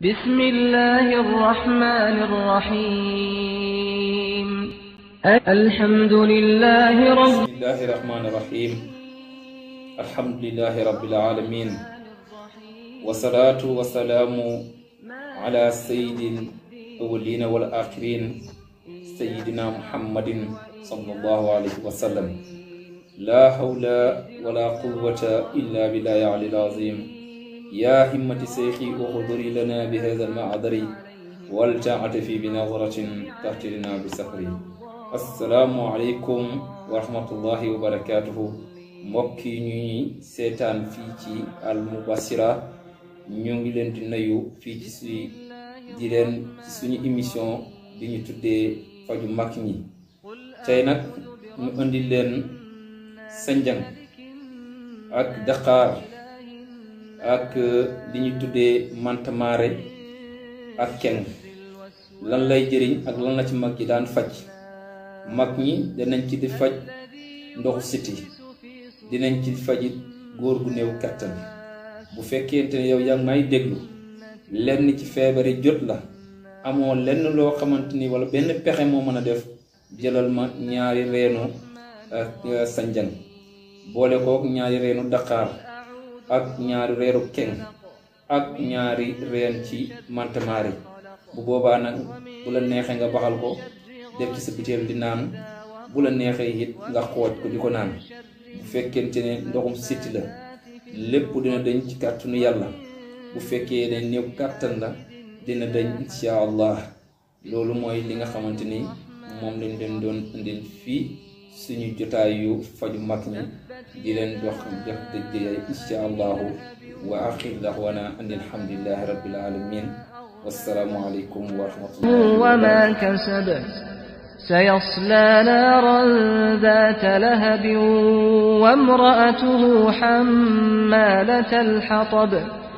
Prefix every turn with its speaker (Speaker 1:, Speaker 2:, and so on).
Speaker 1: بسم الله الرحمن الرحيم الحمد لله رب بسم الله الرحمن الرحيم الحمد لله رب العالمين والصلاة والسلام على سيد الأولين والآخرين سيدنا محمد صلى الله عليه وسلم لا حول ولا قوة إلا بالله العلي العظيم yaa himmati seyxi uxduri lana bi hada almaadari waltaatafi bi nadratin tartilina bi safri assalaamu aleykum wa wa barakatuhu mbokk yi ñuy seetaan fii ci almubasira ñu ngi leen di fii ci suy suñu émission bi ñu tuddee faju mag ñi tey nag ñu indi leen sanjang ak daqaar ak euh, li ñu tuddee mantamaare ak keng lan lay jëriñ ak lan la ci mag ji daan faj mag ñi danañ ci di faj ndoxu siti dinañ ci fajit góor gu néew kettan bu fekkente ne yow yaa ngi may déglu lenn ci feebare jot la amoon lenn loo xamante ni wala benn pexe moo mën a def jëlal ma ñaari reenu euh, sanjan boole kook ñaari reenu daqaar ak ñaari reeru keng ak ñaari reen ci mantamaari bu boobaa nag bu la neexee nga baxal ko def ci sa butéel di naan bu la neexee it nga xooj ko di ko naan bu fekkente ne ndoxum sitti la lépp dina dañ ci kàttanu yàlla bu fekkee ne néew kàttan la dina dañ insha allah loolu mooy li nga xamante ni moom lañ leen doon indil fii سنو جتايو فجمتني مطني دلن دوخ جهد جيه إن شاء الله وآخر دعوانا أن الحمد لله رب العالمين والسلام عليكم ورحمة الله وما كسب سيصلى نارا ذات لهب وامرأته حمالة الحطب